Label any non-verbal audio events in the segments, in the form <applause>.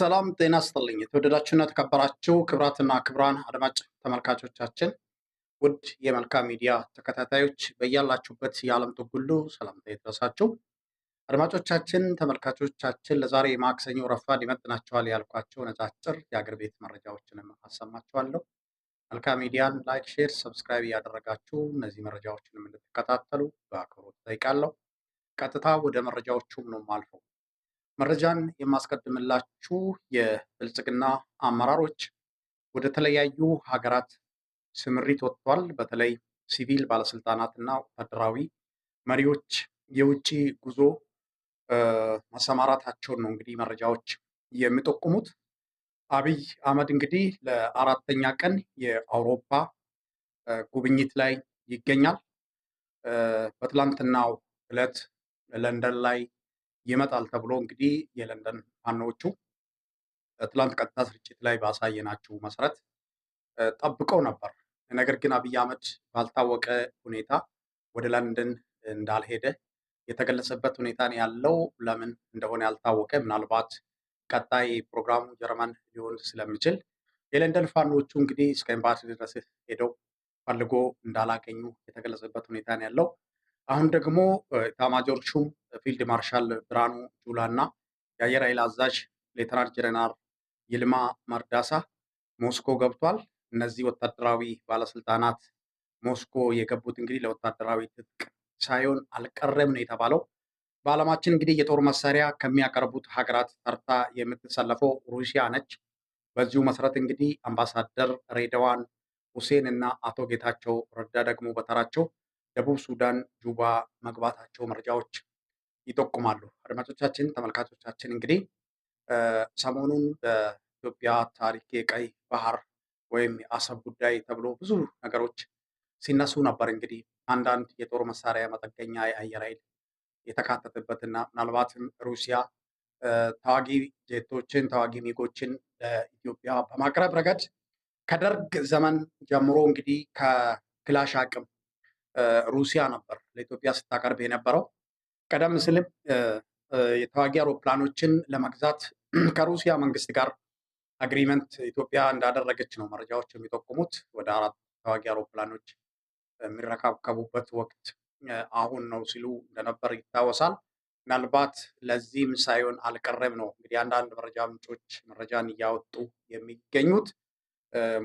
ሰላም ጤና ስጥልኝ። የተወደዳችሁና የተከበራችሁ ክብራትና ክብራን አድማጭ ተመልካቾቻችን ውድ የመልካም ሚዲያ ተከታታዮች በያላችሁበት የዓለም ጥግ ሁሉ ሰላምታ ይድረሳችሁ። አድማጮቻችን፣ ተመልካቾቻችን ለዛሬ ማክሰኞ ረፋድ ይመጥናቸዋል ያልኳቸው አጫጭር የአገር ቤት መረጃዎችንም አሰማችኋለሁ። መልካም ሚዲያን ላይክ፣ ሼር፣ ሰብስክራይብ እያደረጋችሁ እነዚህ መረጃዎችንም እንድትከታተሉ በአክብሮት ጠይቃለሁ ቀጥታ ወደ መረጃዎቹም ነው የማልፈው። መረጃን የማስቀድምላችሁ የብልጽግና አመራሮች ወደ ተለያዩ ሀገራት ስምሪት ወጥቷል። በተለይ ሲቪል ባለስልጣናት እና ወታደራዊ መሪዎች የውጭ ጉዞ መሰማራታቸውን ነው እንግዲህ መረጃዎች የሚጠቁሙት። አብይ አህመድ እንግዲህ ለአራተኛ ቀን የአውሮፓ ጉብኝት ላይ ይገኛል። በትላንትናው ዕለት ለንደን ላይ ይመጣል ተብሎ እንግዲህ የለንደን ፋኖዎቹ ትላንት ቀጥታ ስርጭት ላይ ባሳየናችሁ መሰረት ጠብቀው ነበር። ነገር ግን አብይ አህመድ ባልታወቀ ሁኔታ ወደ ለንደን እንዳልሄደ የተገለጸበት ሁኔታ ያለው ለምን እንደሆነ ያልታወቀ ምናልባት ቀጣይ ፕሮግራሙ ጀርመን ሊሆን ስለሚችል የለንደን ፋኖቹ እንግዲህ እስከ ኤምባሲ ድረስ ሄደው ፈልጎ እንዳላገኙ የተገለጸበት ሁኔታ ያለው አሁን ደግሞ ኤታማዦር ሹም ፊልድ ማርሻል ብርሃኑ ጁላ እና የአየር ኃይል አዛዥ ሌተናንት ጀነራል ይልማ መርዳሳ ሞስኮ ገብቷል። እነዚህ ወታደራዊ ባለስልጣናት ሞስኮ የገቡት እንግዲህ ለወታደራዊ ትጥቅ ሳይሆን አልቀረም ነው የተባለው። በዓለማችን እንግዲህ የጦር መሳሪያ ከሚያቀርቡት ሀገራት ተርታ የምትሰለፈው ሩሲያ ነች። በዚሁ መሰረት እንግዲህ አምባሳደር ሬድዋን ሁሴን እና አቶ ጌታቸው ረዳ ደግሞ በተራቸው ደቡብ ሱዳን ጁባ መግባታቸው መረጃዎች ይጠቁማሉ። አድማጮቻችን፣ ተመልካቾቻችን እንግዲህ ሰሞኑን በኢትዮጵያ ታሪክ የቀይ ባህር ወይም የአሰብ ጉዳይ ተብሎ ብዙ ነገሮች ሲነሱ ነበር። እንግዲህ አንዳንድ የጦር መሳሪያ መጠገኛ የአየር ኃይል የተካተተበትና ምናልባትም ሩሲያ ተዋጊ ጄቶችን ተዋጊ ሚጎችን ለኢትዮጵያ በማቅረብ ረገድ ከደርግ ዘመን ጀምሮ እንግዲህ ከክላሽ አቅም ሩሲያ ነበር ለኢትዮጵያ ስታቀርብ የነበረው። ቀደም ሲልም የተዋጊ አውሮፕላኖችን ለመግዛት <clears throat> ከሩሲያ መንግስት ጋር አግሪመንት ኢትዮጵያ እንዳደረገች ነው መረጃዎች የሚጠቁሙት። ወደ አራት ተዋጊ አውሮፕላኖች የሚረካከቡበት ወቅት አሁን ነው ሲሉ እንደነበር ይታወሳል። ምናልባት ለዚህም ሳይሆን አልቀረም ነው እንግዲህ አንዳንድ መረጃ ምንጮች መረጃን እያወጡ የሚገኙት።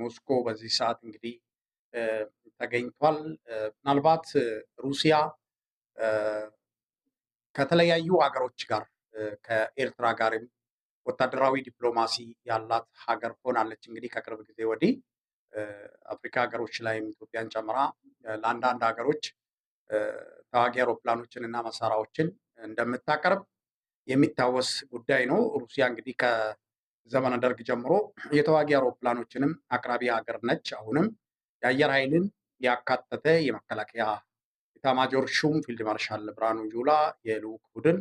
ሞስኮ በዚህ ሰዓት እንግዲህ ተገኝቷል። ምናልባት ሩሲያ ከተለያዩ ሀገሮች ጋር ከኤርትራ ጋርም ወታደራዊ ዲፕሎማሲ ያላት ሀገር ሆናለች። እንግዲህ ከቅርብ ጊዜ ወዲህ አፍሪካ ሀገሮች ላይም ኢትዮጵያን ጨምራ ለአንዳንድ ሀገሮች ተዋጊ አውሮፕላኖችን እና መሳሪያዎችን እንደምታቀርብ የሚታወስ ጉዳይ ነው። ሩሲያ እንግዲህ ከዘመነ ደርግ ጀምሮ የተዋጊ አውሮፕላኖችንም አቅራቢ ሀገር ነች። አሁንም የአየር ኃይልን ያካተተ የመከላከያ ኢታማጆር ሹም ፊልድ ማርሻል ብርሃኑ ጁላ የልዑክ ቡድን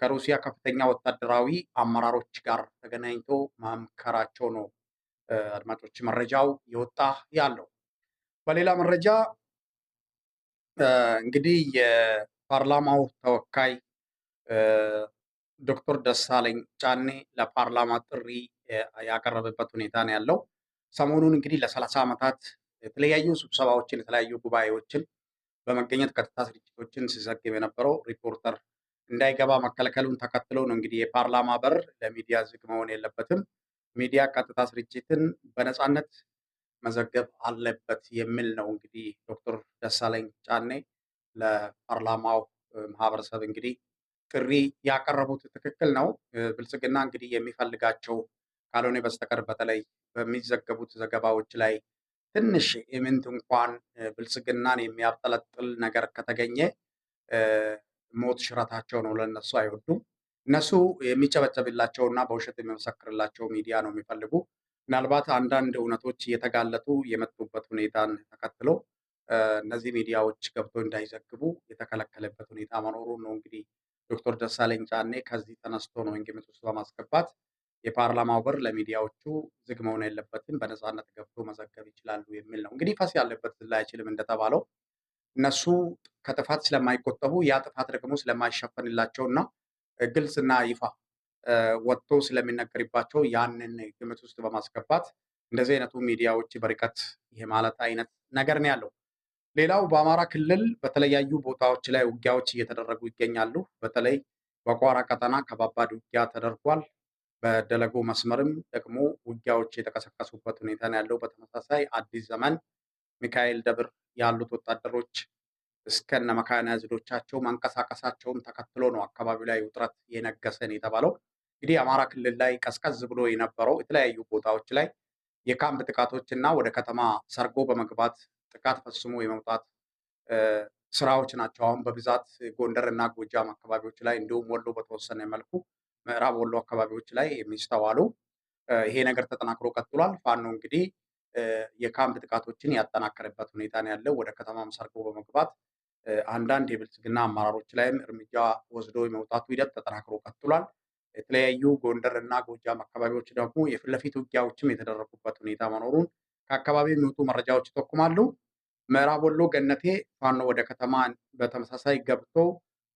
ከሩሲያ ከፍተኛ ወታደራዊ አመራሮች ጋር ተገናኝቶ መምከራቸው ነው። አድማጮች መረጃው የወጣ ያለው። በሌላ መረጃ እንግዲህ የፓርላማው ተወካይ ዶክተር ደሳለኝ ጫኔ ለፓርላማ ጥሪ ያቀረበበት ሁኔታ ነው ያለው። ሰሞኑን እንግዲህ ለሰላሳ ዓመታት የተለያዩ ስብሰባዎችን የተለያዩ ጉባኤዎችን በመገኘት ቀጥታ ስርጭቶችን ሲዘግብ የነበረው ሪፖርተር እንዳይገባ መከልከሉን ተከትሎ ነው እንግዲህ የፓርላማ በር ለሚዲያ ዝግ መሆን የለበትም፣ ሚዲያ ቀጥታ ስርጭትን በነፃነት መዘገብ አለበት የሚል ነው እንግዲህ ዶክተር ደሳለኝ ጫኔ ለፓርላማው ማህበረሰብ እንግዲህ ጥሪ ያቀረቡት ትክክል ነው። ብልጽግና እንግዲህ የሚፈልጋቸው ካልሆነ በስተቀር በተለይ በሚዘገቡት ዘገባዎች ላይ ትንሽ ኢምንት እንኳን ብልጽግናን የሚያብጠለጥል ነገር ከተገኘ ሞት ሽረታቸው ነው። ለነሱ አይወዱም። እነሱ የሚጨበጨብላቸውና በውሸት የሚመሰክርላቸው ሚዲያ ነው የሚፈልጉ። ምናልባት አንዳንድ እውነቶች እየተጋለጡ የመጡበት ሁኔታን ተከትሎ እነዚህ ሚዲያዎች ገብቶ እንዳይዘግቡ የተከለከለበት ሁኔታ መኖሩ ነው። እንግዲህ ዶክተር ደሳለኝ ጫኔ ከዚህ ተነስቶ ነው ግምት ውስጥ በማስገባት የፓርላማው በር ለሚዲያዎቹ ዝግ መሆን የለበትም፣ በነፃነት ገብቶ መዘገብ ይችላሉ የሚል ነው። እንግዲህ ፈስ ያለበት ዝላ አይችልም እንደተባለው እነሱ ከጥፋት ስለማይቆጠቡ ያ ጥፋት ደግሞ ስለማይሸፈንላቸው እና ግልጽና ይፋ ወጥቶ ስለሚነገርባቸው ያንን ግምት ውስጥ በማስገባት እንደዚህ አይነቱ ሚዲያዎች በርቀት ይሄ ማለት አይነት ነገር ነው ያለው። ሌላው በአማራ ክልል በተለያዩ ቦታዎች ላይ ውጊያዎች እየተደረጉ ይገኛሉ። በተለይ በቋራ ቀጠና ከባባድ ውጊያ ተደርጓል። በደለጎ መስመርም ደግሞ ውጊያዎች የተቀሰቀሱበት ሁኔታ ነው ያለው። በተመሳሳይ አዲስ ዘመን ሚካኤል ደብር ያሉት ወታደሮች እስከነ ዝዶቻቸው መንቀሳቀሳቸውን ተከትሎ ነው አካባቢው ላይ ውጥረት የነገሰን የተባለው። እንግዲህ አማራ ክልል ላይ ቀዝቀዝ ብሎ የነበረው የተለያዩ ቦታዎች ላይ የካምፕ ጥቃቶች እና ወደ ከተማ ሰርጎ በመግባት ጥቃት ፈጽሞ የመውጣት ስራዎች ናቸው አሁን በብዛት ጎንደር እና ጎጃም አካባቢዎች ላይ እንዲሁም ወሎ በተወሰነ መልኩ ምዕራብ ወሎ አካባቢዎች ላይ የሚስተዋሉ ይሄ ነገር ተጠናክሮ ቀጥሏል። ፋኖ እንግዲህ የካምፕ ጥቃቶችን ያጠናከረበት ሁኔታ ነው ያለው። ወደ ከተማም ሰርጎ በመግባት አንዳንድ የብልጽግና አመራሮች ላይም እርምጃ ወስዶ የመውጣቱ ሂደት ተጠናክሮ ቀጥሏል። የተለያዩ ጎንደር እና ጎጃም አካባቢዎች ደግሞ የፊት ለፊት ውጊያዎችም የተደረጉበት ሁኔታ መኖሩን ከአካባቢ የሚወጡ መረጃዎች ይጠቁማሉ። ምዕራብ ወሎ ገነቴ ፋኖ ወደ ከተማ በተመሳሳይ ገብቶ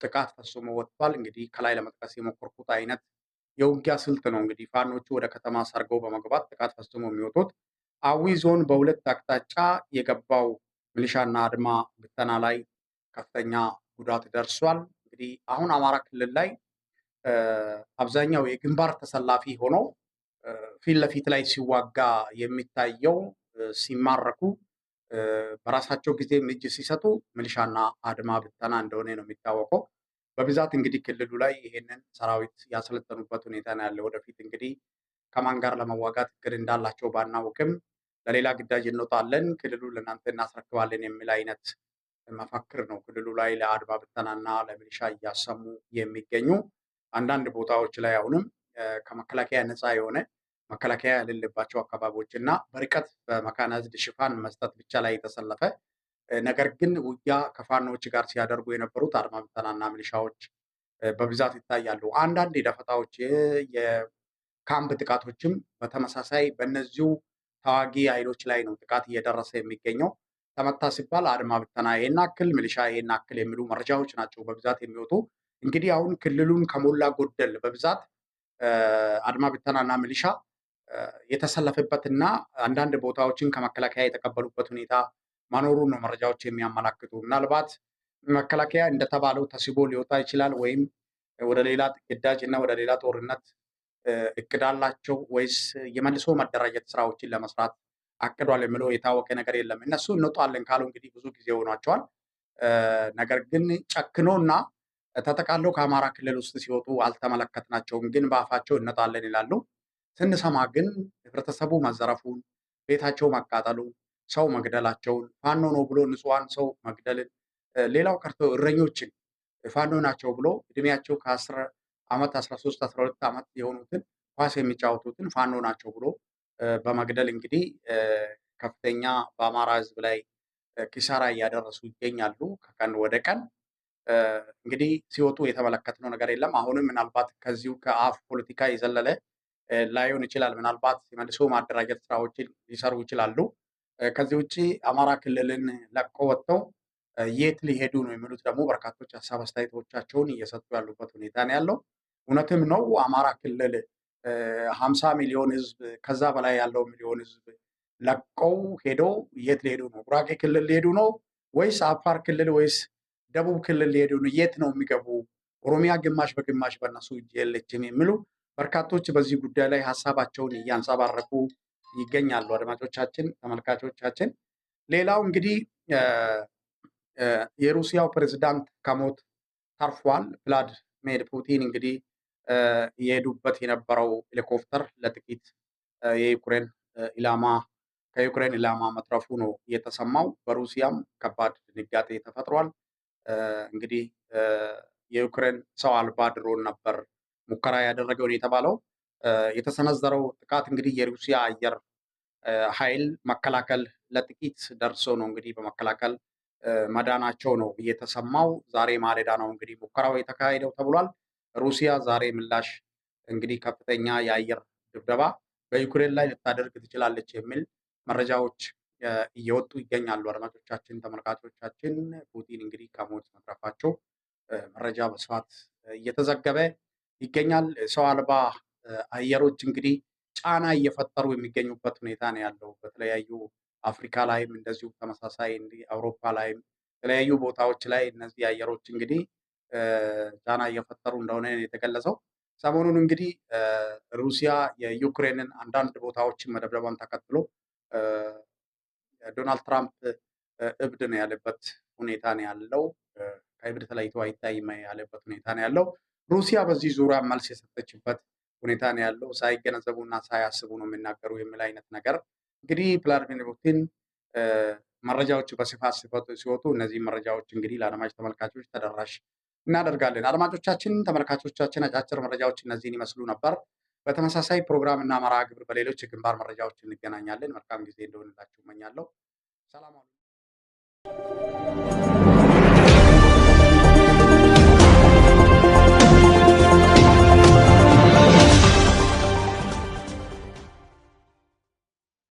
ጥቃት ፈጽሞ ወጥቷል። እንግዲህ ከላይ ለመጥቀስ የሞከርኩት አይነት የውጊያ ስልት ነው። እንግዲህ ፋኖቹ ወደ ከተማ ሰርገው በመግባት ጥቃት ፈጽሞ የሚወጡት አዊ ዞን በሁለት አቅጣጫ የገባው ሚሊሻና አድማ ብተና ላይ ከፍተኛ ጉዳት ደርሷል። እንግዲህ አሁን አማራ ክልል ላይ አብዛኛው የግንባር ተሰላፊ ሆኖ ፊት ለፊት ላይ ሲዋጋ የሚታየው ሲማረኩ በራሳቸው ጊዜም እጅ ሲሰጡ ሚሊሻና አድማ ብተና እንደሆነ ነው የሚታወቀው። በብዛት እንግዲህ ክልሉ ላይ ይሄንን ሰራዊት ያሰለጠኑበት ሁኔታ ነው ያለ። ወደፊት እንግዲህ ከማን ጋር ለመዋጋት እቅድ እንዳላቸው ባናውቅም ለሌላ ግዳጅ እንወጣለን፣ ክልሉ ለእናንተ እናስረክባለን የሚል አይነት መፈክር ነው ክልሉ ላይ ለአድማ ብተናና ለሚሊሻ እያሰሙ የሚገኙ አንዳንድ ቦታዎች ላይ አሁንም ከመከላከያ ነፃ የሆነ መከላከያ የሌለባቸው አካባቢዎች እና በርቀት በመካናይዝድ ሽፋን መስጠት ብቻ ላይ የተሰለፈ ነገር ግን ውጊያ ከፋኖዎች ጋር ሲያደርጉ የነበሩት አድማ ብተናና ሚሊሻዎች በብዛት ይታያሉ። አንዳንድ የደፈጣዎች የካምፕ ጥቃቶችም በተመሳሳይ በእነዚሁ ተዋጊ ኃይሎች ላይ ነው ጥቃት እየደረሰ የሚገኘው። ተመታ ሲባል አድማ ብተና ይሄን አክል ሚሊሻ ይሄን አክል የሚሉ መረጃዎች ናቸው በብዛት የሚወጡ። እንግዲህ አሁን ክልሉን ከሞላ ጎደል በብዛት አድማ ብተናና ሚሊሻ የተሰለፈበትና አንዳንድ ቦታዎችን ከመከላከያ የተቀበሉበት ሁኔታ መኖሩን ነው መረጃዎች የሚያመላክቱ። ምናልባት መከላከያ እንደተባለው ተስቦ ሊወጣ ይችላል ወይም ወደ ሌላ ግዳጅ እና ወደ ሌላ ጦርነት እቅድ አላቸው ወይስ የመልሶ መደራጀት ስራዎችን ለመስራት አቅዷል የሚለው የታወቀ ነገር የለም። እነሱ እንወጣለን ካሉ እንግዲህ ብዙ ጊዜ ሆኗቸዋል። ነገር ግን ጨክኖ እና ተጠቃለው ከአማራ ክልል ውስጥ ሲወጡ አልተመለከትናቸውም። ግን በአፋቸው እንወጣለን ይላሉ። ስንሰማ ግን ህብረተሰቡ መዘረፉን፣ ቤታቸው መቃጠሉን፣ ሰው መግደላቸውን፣ ፋኖ ነው ብሎ ንጹሐን ሰው መግደልን፣ ሌላው ቀርቶ እረኞችን ፋኖ ናቸው ብሎ እድሜያቸው ከአስር ዓመት አስራ ሶስት አስራ ሁለት ዓመት የሆኑትን ኳስ የሚጫወቱትን ፋኖ ናቸው ብሎ በመግደል እንግዲህ ከፍተኛ በአማራ ህዝብ ላይ ኪሳራ እያደረሱ ይገኛሉ። ከቀን ወደ ቀን እንግዲህ ሲወጡ የተመለከትነው ነገር የለም። አሁንም ምናልባት ከዚሁ ከአፍ ፖለቲካ የዘለለ ላይሆን ይችላል። ምናልባት መልሶ ማደራጀት ስራዎች ሊሰሩ ይችላሉ። ከዚህ ውጭ አማራ ክልልን ለቆ ወጥተው የት ሊሄዱ ነው የሚሉት ደግሞ በርካቶች ሀሳብ አስተያየቶቻቸውን እየሰጡ ያሉበት ሁኔታ ነው ያለው። እውነትም ነው አማራ ክልል ሀምሳ ሚሊዮን ህዝብ ከዛ በላይ ያለው ሚሊዮን ህዝብ ለቀው ሄደው የት ሊሄዱ ነው? ጉራጌ ክልል ሊሄዱ ነው ወይስ አፋር ክልል ወይስ ደቡብ ክልል ሊሄዱ ነው? የት ነው የሚገቡ? ኦሮሚያ ግማሽ በግማሽ በእነሱ እጅ የለችም የሚሉ በርካቶች በዚህ ጉዳይ ላይ ሀሳባቸውን እያንጸባረቁ ይገኛሉ። አድማጮቻችን፣ ተመልካቾቻችን ሌላው እንግዲህ የሩሲያው ፕሬዝዳንት ከሞት ተርፏል። ቭላድሚር ፑቲን እንግዲህ የሄዱበት የነበረው ሄሊኮፕተር ለጥቂት የዩክሬን ኢላማ ከዩክሬን ኢላማ መትረፉ ነው የተሰማው። በሩሲያም ከባድ ድንጋጤ ተፈጥሯል። እንግዲህ የዩክሬን ሰው አልባ ድሮን ነበር ሙከራ ያደረገው ነው የተባለው። የተሰነዘረው ጥቃት እንግዲህ የሩሲያ አየር ኃይል መከላከል ለጥቂት ደርሶ ነው እንግዲህ በመከላከል መዳናቸው ነው እየተሰማው። ዛሬ ማለዳ ነው እንግዲህ ሙከራው የተካሄደው ተብሏል። ሩሲያ ዛሬ ምላሽ እንግዲህ ከፍተኛ የአየር ድብደባ በዩክሬን ላይ ልታደርግ ትችላለች የሚል መረጃዎች እየወጡ ይገኛሉ። አድማጮቻችን፣ ተመልካቾቻችን ፑቲን እንግዲህ ከሞት መትረፋቸው መረጃ በስፋት እየተዘገበ ይገኛል። ሰው አልባ አየሮች እንግዲህ ጫና እየፈጠሩ የሚገኙበት ሁኔታ ነው ያለው። በተለያዩ አፍሪካ ላይም እንደዚሁ ተመሳሳይ አውሮፓ ላይም የተለያዩ ቦታዎች ላይ እነዚህ አየሮች እንግዲህ ጫና እየፈጠሩ እንደሆነ የተገለጸው። ሰሞኑን እንግዲህ ሩሲያ የዩክሬንን አንዳንድ ቦታዎችን መደብደቧን ተከትሎ ዶናልድ ትራምፕ እብድ ነው ያለበት ሁኔታ ነው ያለው። ከእብድ ተለይቶ አይታይም ያለበት ሁኔታ ነው ያለው። ሩሲያ በዚህ ዙሪያ መልስ የሰጠችበት ሁኔታ ነው ያለው። ሳይገነዘቡና ሳያስቡ ነው የሚናገሩ የሚል አይነት ነገር እንግዲህ ቭላድሚር ፑቲን መረጃዎች በስፋት ሲወጡ እነዚህ መረጃዎች እንግዲህ ለአድማጭ ተመልካቾች ተደራሽ እናደርጋለን። አድማጮቻችን፣ ተመልካቾቻችን አጫጭር መረጃዎች እነዚህን ይመስሉ ነበር። በተመሳሳይ ፕሮግራም እና መርሃ ግብር በሌሎች የግንባር መረጃዎች እንገናኛለን። መልካም ጊዜ እንደሆንላችሁ እመኛለሁ። ሰላም አሉ።